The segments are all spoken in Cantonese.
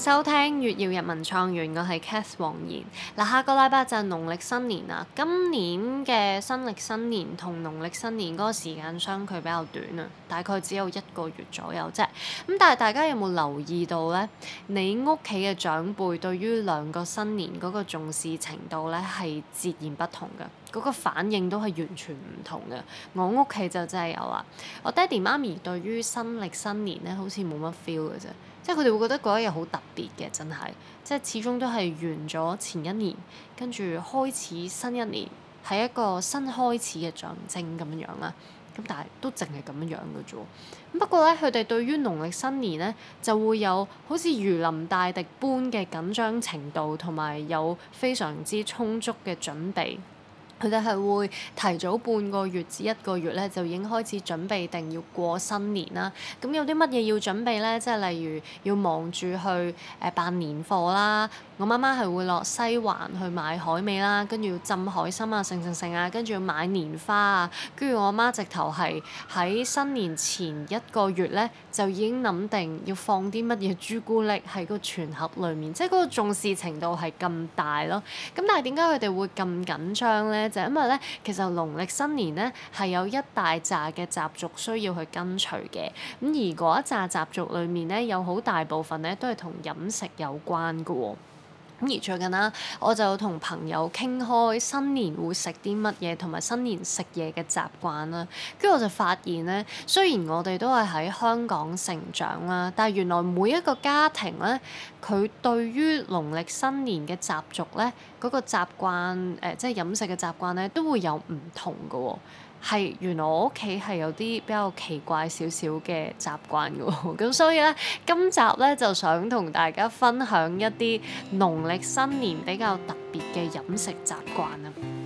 收聽粵耀日文創園，我係 Cath 黃妍。嗱，下個禮拜就係農曆新年啦。今年嘅新曆新年同農曆新年嗰個時間相距比較短啊，大概只有一個月左右啫。咁但係大家有冇留意到咧？你屋企嘅長輩對於兩個新年嗰個重視程度咧，係截然不同嘅，嗰個反應都係完全唔同嘅。我屋企就真係有啦，我爹哋媽咪對於新曆新年咧，好似冇乜 feel 嘅啫。即係佢哋會覺得嗰一日好特別嘅，真係即係始終都係完咗前一年，跟住開始新一年，係一個新開始嘅象徵咁樣樣啦。咁但係都淨係咁樣樣嘅啫。不過咧，佢哋對於農曆新年咧，就會有好似如臨大敵般嘅緊張程度，同埋有非常之充足嘅準備。佢哋係會提早半個月至一個月咧，就已經開始準備定要過新年啦。咁有啲乜嘢要準備咧？即係例如要忙住去誒辦年貨啦。我媽媽係會落西環去買海味啦，跟住要浸海參啊、盛盛盛啊，跟住要買年花啊。跟住我媽媽直頭係喺新年前一個月咧，就已經諗定要放啲乜嘢朱古力喺個全盒裏面，即係嗰個重視程度係咁大咯。咁但係點解佢哋會咁緊張咧？就因為咧，其實農曆新年咧係有一大扎嘅習俗需要去跟隨嘅，咁而嗰一紮習俗裡面咧，有好大部分咧都係同飲食有關㗎喎。咁而最近啦，我就同朋友傾開新年會食啲乜嘢，同埋新年食嘢嘅習慣啦。跟住我就發現咧，雖然我哋都係喺香港成長啦，但係原來每一個家庭咧，佢對於農曆新年嘅習俗咧，嗰個習慣，呃，即係飲食嘅習慣咧，都會有唔同㗎喎。係，原來我屋企係有啲比較奇怪少少嘅習慣噶喎，咁 所以呢，今集呢就想同大家分享一啲農曆新年比較特別嘅飲食習慣啊。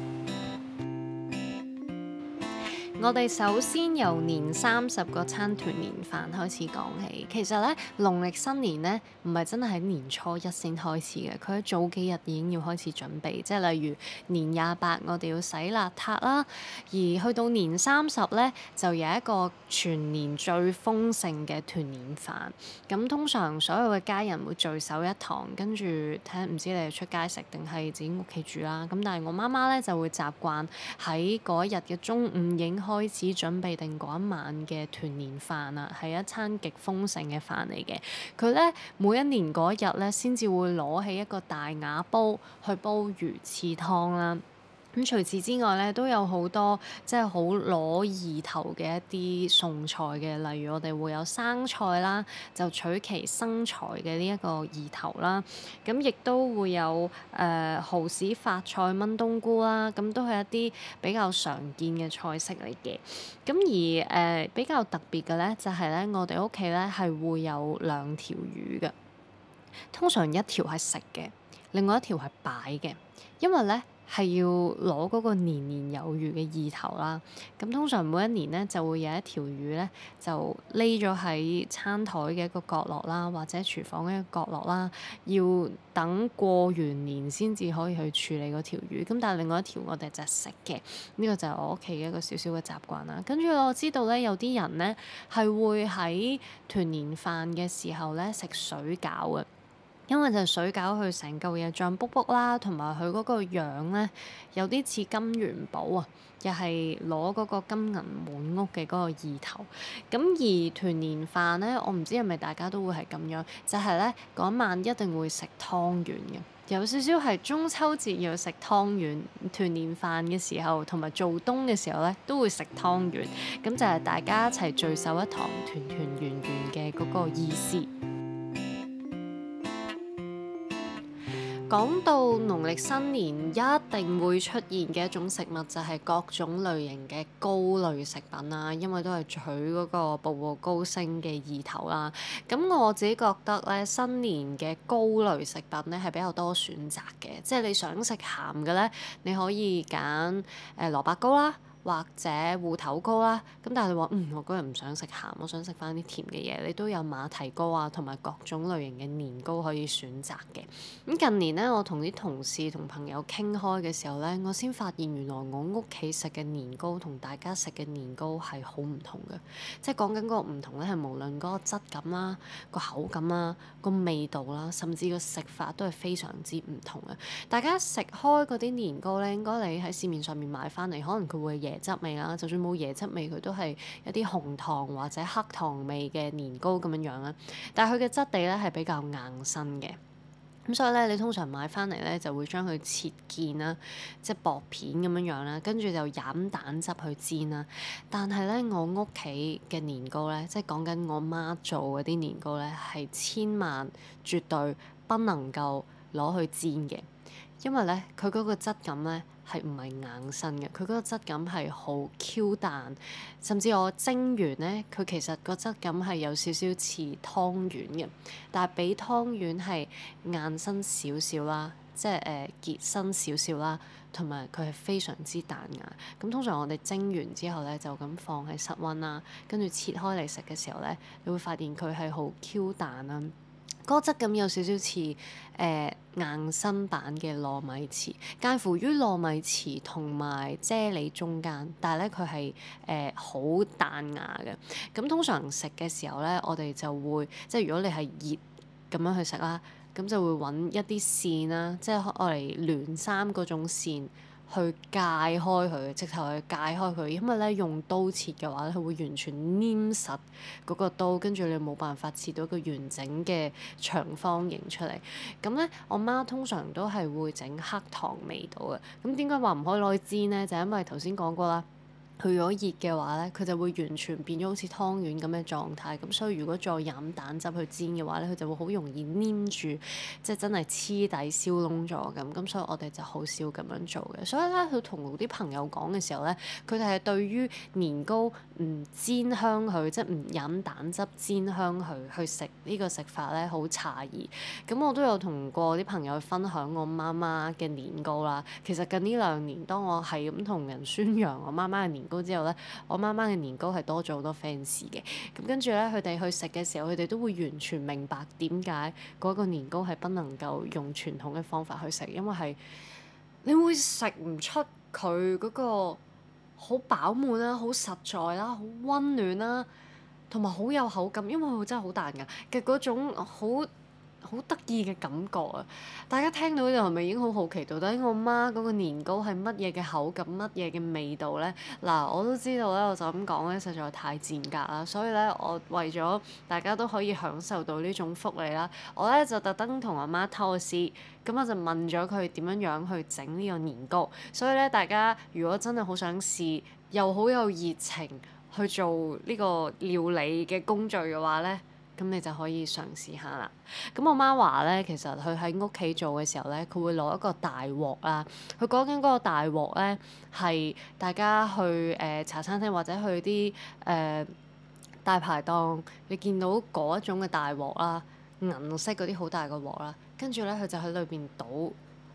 我哋首先由年三十個餐團年飯開始講起。其實咧，農曆新年咧唔係真係喺年初一先開始嘅，佢喺早幾日已經要開始準備，即係例如年廿八，我哋要洗邋遢啦；而去到年三十咧，就有一個全年最豐盛嘅團年飯，咁通常所有嘅家人會聚首一堂，跟住睇下唔知你哋出街食定係自己屋企煮啦、啊。咁但係我媽媽咧就會習慣喺嗰一日嘅中午影開。開始準備定嗰一晚嘅團年飯啊，係一餐極豐盛嘅飯嚟嘅。佢咧每一年嗰一日咧，先至會攞起一個大瓦煲去煲魚翅湯啦。咁、嗯、除此之外咧，都有好多即係好攞意頭嘅一啲餸菜嘅，例如我哋會有生菜啦，就取其生財嘅呢一個意頭啦。咁、嗯、亦都會有誒蠔豉發菜炆冬菇啦。咁、嗯、都係一啲比較常見嘅菜式嚟嘅。咁、嗯、而誒、呃、比較特別嘅咧，就係、是、咧我哋屋企咧係會有兩條魚嘅，通常一條係食嘅，另外一條係擺嘅，因為咧。係要攞嗰個年年有餘嘅意頭啦，咁通常每一年咧就會有一條魚咧，就匿咗喺餐台嘅一個角落啦，或者廚房嘅一個角落啦，要等過完年先至可以去處理嗰條魚。咁但係另外一條我哋就食嘅，呢個就係我屋企嘅一個小小嘅習慣啦。跟住我知道咧，有啲人咧係會喺團年飯嘅時候咧食水餃嘅。因為就水餃煲煲，佢成嚿嘢脹卜卜啦，同埋佢嗰個樣呢，有啲似金元寶啊，又係攞嗰個金銀滿屋嘅嗰個意頭。咁而團年飯呢，我唔知係咪大家都會係咁樣，就係呢，嗰晚一定會食湯圓嘅，有少少係中秋節要食湯圓，團年飯嘅時候同埋做冬嘅時候呢，都會食湯圓。咁就係大家一齊聚首一堂，團團圓圓嘅嗰個意思。講到農曆新年一定會出現嘅一種食物，就係各種類型嘅糕類食品啦，因為都係取嗰個步步高升嘅意頭啦。咁我自己覺得咧，新年嘅糕類食品咧係比較多選擇嘅，即係你想食鹹嘅咧，你可以揀誒蘿蔔糕啦。或者芋頭糕啦，咁但係你話，嗯，我嗰日唔想食鹹，我想食翻啲甜嘅嘢，你都有馬蹄糕啊，同埋各種類型嘅年糕可以選擇嘅。咁近年咧，我同啲同事同朋友傾開嘅時候咧，我先發現原來我屋企食嘅年糕同大家食嘅年糕係好唔同嘅，即係講緊個唔同咧，係無論嗰個質感啦、啊、個口感啦、啊、個味道啦、啊，甚至個食法都係非常之唔同嘅。大家食開嗰啲年糕咧，應該你喺市面上面買翻嚟，可能佢會嘢。椰汁味啦，就算冇椰汁味，佢都係一啲紅糖或者黑糖味嘅年糕咁樣樣啦。但係佢嘅質地咧，係比較硬身嘅，咁所以咧，你通常買翻嚟咧就會將佢切件啦，即係薄片咁樣樣啦，跟住就飲蛋汁去煎啦。但係咧，我屋企嘅年糕咧，即係講緊我媽做嗰啲年糕咧，係千萬絕對不能夠攞去煎嘅，因為咧佢嗰個質感咧。係唔係硬身嘅？佢嗰個質感係好 Q 彈，甚至我蒸完咧，佢其實個質感係有少少似湯圓嘅，但係比湯圓係硬身少少啦，即係誒結身少少啦，同埋佢係非常之彈牙。咁通常我哋蒸完之後咧，就咁放喺室溫啦，跟住切開嚟食嘅時候咧，你會發現佢係好 Q 彈啦。嗰個質感有少少似誒硬身版嘅糯米糍，介乎於糯米糍同埋啫喱中間，但係咧佢係誒好彈牙嘅。咁通常食嘅時候咧，我哋就會即係如果你係熱咁樣去食啦，咁就會揾一啲線啦，即係愛嚟暖衫嗰種線。去界開佢，直頭去界開佢，因為咧用刀切嘅話佢會完全黏實嗰個刀，跟住你冇辦法切到一個完整嘅長方形出嚟。咁咧，我媽通常都係會整黑糖味道嘅。咁點解話唔可以攞去煎咧？就係因為頭先講過啦。佢如果熱嘅話咧，佢就會完全變咗好似湯圓咁嘅狀態，咁所以如果再飲蛋汁去煎嘅話咧，佢就會好容易黏住，即係真係黐底燒窿咗咁，咁所以我哋就好少咁樣做嘅。所以咧，佢同啲朋友講嘅時候咧，佢哋係對於年糕唔煎香佢，即係唔飲蛋汁煎香佢，去食呢個食法咧好詫異。咁我都有同過啲朋友分享我媽媽嘅年糕啦。其實近呢兩年，當我係咁同人宣揚我媽媽嘅年年糕之後咧，我媽媽嘅年糕係多咗好多 fans 嘅。咁跟住咧，佢哋去食嘅時候，佢哋都會完全明白點解嗰個年糕係不能夠用傳統嘅方法去食，因為係你會食唔出佢嗰個好飽滿啦、好實在啦、好溫暖啦，同埋好有口感，因為佢真係好彈牙嘅嗰種好。好得意嘅感覺啊！大家聽到呢度係咪已經好好奇？到底我媽嗰個年糕係乜嘢嘅口感、乜嘢嘅味道咧？嗱，我都知道咧，我就咁講咧，實在太賤格啦！所以咧，我為咗大家都可以享受到呢種福利啦，我咧就特登同我媽偷師，咁我就問咗佢點樣樣去整呢個年糕。所以咧，大家如果真係好想試，又好有熱情去做呢個料理嘅工序嘅話咧，咁你就可以嘗試下啦。咁我媽話咧，其實佢喺屋企做嘅時候咧，佢會攞一個大鑊啦。佢講緊嗰個大鑊咧，係大家去誒、呃、茶餐廳或者去啲誒、呃、大排檔，你見到嗰一種嘅大鑊啦，銀色嗰啲好大嘅鑊啦。跟住咧，佢就喺裏邊倒誒、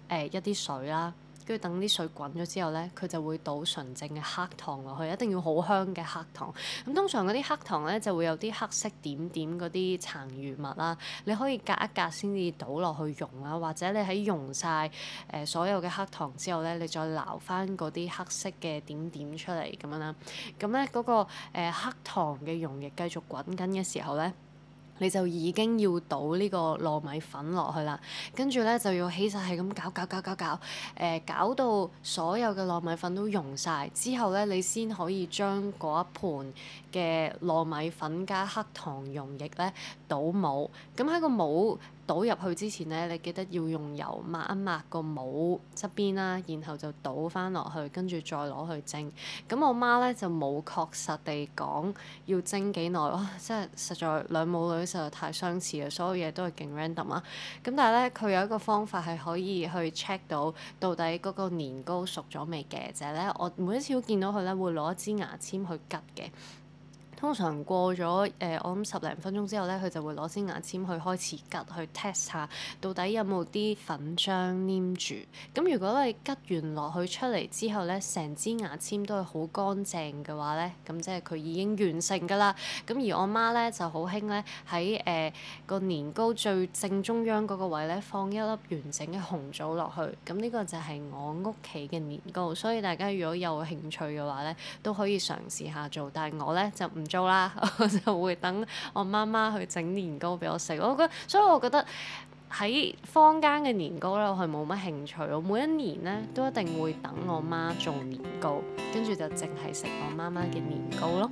呃、一啲水啦。跟住等啲水滾咗之後咧，佢就會倒純正嘅黑糖落去，一定要好香嘅黑糖。咁通常嗰啲黑糖咧就會有啲黑色點點嗰啲殘餘物啦，你可以隔一隔先至倒落去溶啦，或者你喺溶晒誒、呃、所有嘅黑糖之後咧，你再撈翻嗰啲黑色嘅點點出嚟咁樣啦。咁咧嗰個誒、呃、黑糖嘅溶液繼續滾緊嘅時候咧。你就已經要倒呢個糯米粉落去啦，跟住咧就要起勢係咁攪攪攪攪攪，誒、攪到所有嘅糯米粉都溶晒。之後咧，你先可以將嗰一盤嘅糯米粉加黑糖溶液咧倒模，咁喺個模。倒入去之前咧，你記得要用油抹一抹個帽側邊啦，然後就倒翻落去，跟住再攞去蒸。咁我媽咧就冇確實地講要蒸幾耐，哇！真係實在兩母女實在太相似啊，所有嘢都係勁 random 啊。咁但係咧，佢有一個方法係可以去 check 到到底嗰個年糕熟咗未嘅，就係咧我每一次都見到佢咧會攞支牙籤去吉嘅。通常過咗誒、呃，我諗十零分鐘之後咧，佢就會攞支牙籤去開始拮去 test 下到底有冇啲粉漿黏住。咁如果你拮完落去出嚟之後咧，成支牙籤都係好乾淨嘅話咧，咁即係佢已經完成㗎啦。咁而我媽咧就好興咧，喺誒個年糕最正中央嗰個位咧，放一粒完整嘅紅棗落去。咁呢個就係我屋企嘅年糕，所以大家如果有興趣嘅話咧，都可以嘗試下做。但係我咧就唔～做啦，我就會等我媽媽去整年糕俾我食。我覺得，所以我覺得喺坊間嘅年糕咧，我係冇乜興趣。我每一年咧都一定會等我媽做年糕，跟住就淨係食我媽媽嘅年糕咯。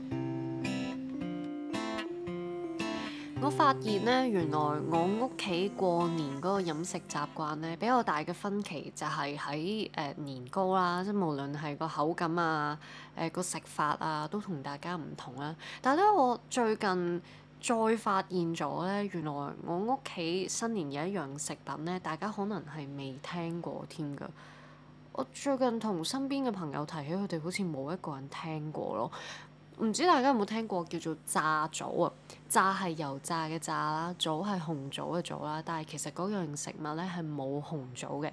我發現咧，原來我屋企過年嗰個飲食習慣咧，比較大嘅分歧就係喺誒年糕啦，即係無論係個口感啊、誒個食法啊，都同大家唔同啦。但係咧，我最近再發現咗咧，原來我屋企新年有一樣食品咧，大家可能係未聽過添㗎。我最近同身邊嘅朋友提起，佢哋好似冇一個人聽過咯。唔知大家有冇聽過叫做炸棗啊？炸係油炸嘅炸啦，棗係紅棗嘅棗啦。但係其實嗰樣食物咧係冇紅棗嘅。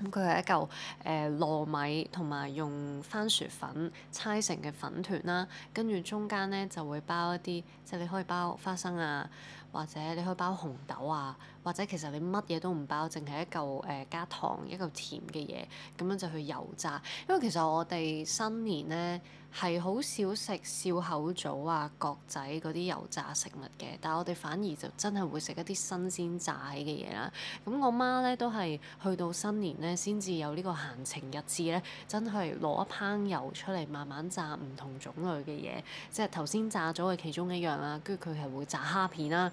咁佢係一嚿誒糯米同埋用番薯粉搓成嘅粉團啦，跟住中間咧就會包一啲，即、就是、你可以包花生啊。或者你可以包紅豆啊，或者其實你乜嘢都唔包，淨係一嚿誒、呃、加糖一嚿甜嘅嘢，咁樣就去油炸。因為其實我哋新年咧係好少食笑口棗啊、角仔嗰啲油炸食物嘅，但係我哋反而就真係會食一啲新鮮炸起嘅嘢啦。咁我媽咧都係去到新年咧先至有個呢個閒情逸致咧，真係攞一烹油出嚟慢慢炸唔同種類嘅嘢，即係頭先炸咗嘅其中一樣啦、啊，跟住佢係會炸蝦片啦、啊。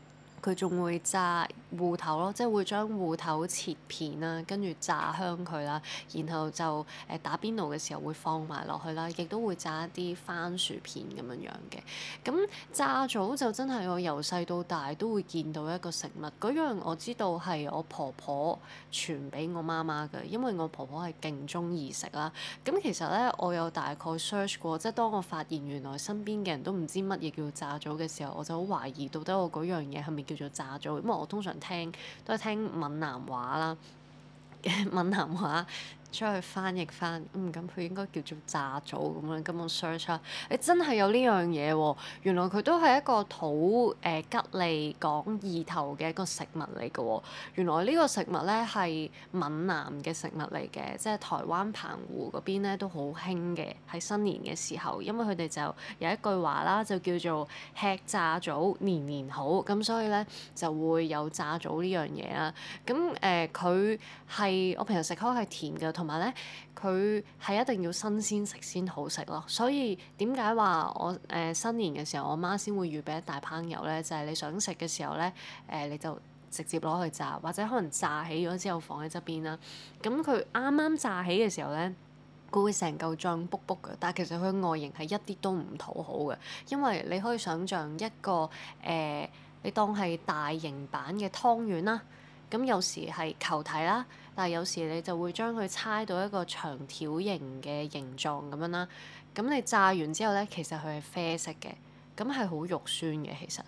佢仲會炸芋頭咯，即係會將芋頭切片啦，跟住炸香佢啦，然後就誒打邊爐嘅時候會放埋落去啦，亦都會炸一啲番薯片咁樣樣嘅。咁炸棗就真係我由細到大都會見到一個食物，嗰樣我知道係我婆婆傳俾我媽媽嘅，因為我婆婆係勁中意食啦。咁其實咧，我有大概 search 過，即係當我發現原來身邊嘅人都唔知乜嘢叫炸棗嘅時候，我就好懷疑到底我嗰樣嘢係咪叫做炸咗，因為我通常聽都係聽閩南話啦，閩南話。 出去翻譯翻，嗯，咁佢應該叫做炸棗咁樣。咁、嗯、我 search 下，誒、欸、真係有呢樣嘢喎、哦！原來佢都係一個土誒、呃、吉利講意頭嘅一個食物嚟嘅喎。原來呢個食物咧係閩南嘅食物嚟嘅，即係台灣澎湖嗰邊咧都好興嘅，喺新年嘅時候，因為佢哋就有一句話啦，就叫做吃炸棗年年好，咁所以咧就會有炸棗呢樣嘢啦。咁誒佢係我平時食開係甜嘅。同埋咧，佢係一定要新鮮食先好食咯。所以點解話我誒、呃、新年嘅時候，我媽先會預備一大盆油咧，就係、是、你想食嘅時候咧，誒、呃、你就直接攞去炸，或者可能炸起咗之後放喺側邊啦。咁佢啱啱炸起嘅時候咧，佢會成嚿脹卜卜嘅，但其實佢外形係一啲都唔討好嘅，因為你可以想像一個誒、呃，你當係大型版嘅湯圓啦，咁、嗯、有時係球體啦。但係有時你就會將佢猜到一個長條形嘅形狀咁樣啦，咁你炸完之後咧，其實佢係啡色嘅，咁係好肉酸嘅其實，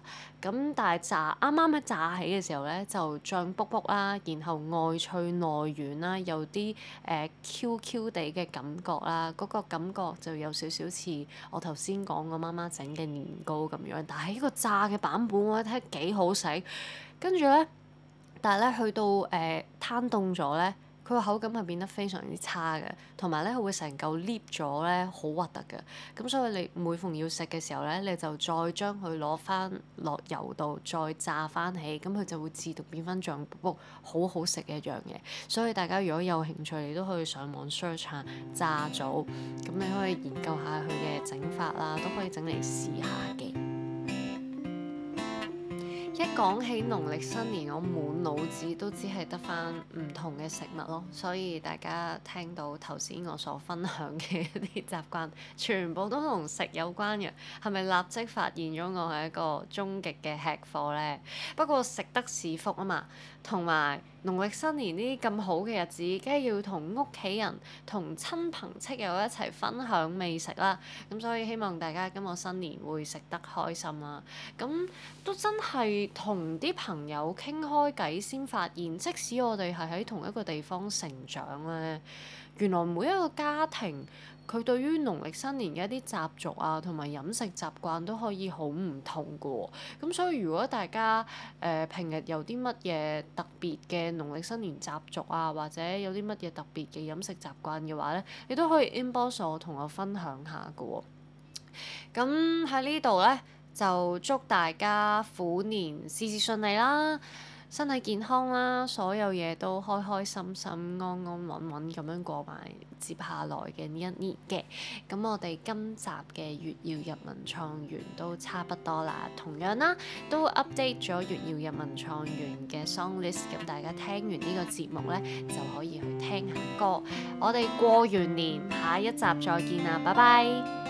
咁但係炸啱啱一炸起嘅時候咧，就脹卜卜啦，然後外脆內軟啦，有啲誒、呃、Q Q 地嘅感覺啦，嗰、那個感覺就有少少似我頭先講我媽媽整嘅年糕咁樣，但係呢個炸嘅版本我覺得幾好食，跟住咧。但係咧，去到誒、呃、攤凍咗咧，佢個口感係變得非常之差嘅，同埋咧，佢會成嚿裂咗咧，好核突嘅。咁所以你每逢要食嘅時候咧，你就再將佢攞翻落油度再炸翻起，咁佢就會自動變翻醬卜卜，好好食嘅一樣嘢。所以大家如果有興趣，你都可以上網 search 下炸棗，咁你可以研究下佢嘅整法啦，都可以整嚟試下嘅。一講起農曆新年，我滿腦子都只係得翻唔同嘅食物咯，所以大家聽到頭先我所分享嘅一啲習慣，全部都同食有關嘅，係咪立即發現咗我係一個終極嘅吃貨呢？不過食得是福啊嘛，同埋。農曆新年呢啲咁好嘅日子，梗係要同屋企人、同親朋戚友一齊分享美食啦。咁所以希望大家今個新年會食得開心啦、啊。咁都真係同啲朋友傾開偈先發現，即使我哋係喺同一個地方成長咧，原來每一個家庭佢對於農曆新年嘅一啲習俗啊，同埋飲食習慣都可以好唔同噶喎。咁所以如果大家誒、呃、平日有啲乜嘢特別嘅，農曆新年習俗啊，或者有啲乜嘢特別嘅飲食習慣嘅話咧，你都可以 inbox 我，同我分享下㗎喎、哦。咁喺呢度咧，就祝大家虎年事事順利啦！身體健康啦，所有嘢都開開心心、安安穩穩咁樣過埋接下來嘅呢一年嘅。咁我哋今集嘅月曜日文創園都差不多啦，同樣啦都 update 咗月曜日文創園嘅 song list，咁大家聽完呢個節目呢，就可以去聽下歌。我哋過完年下一集再見啦，拜拜！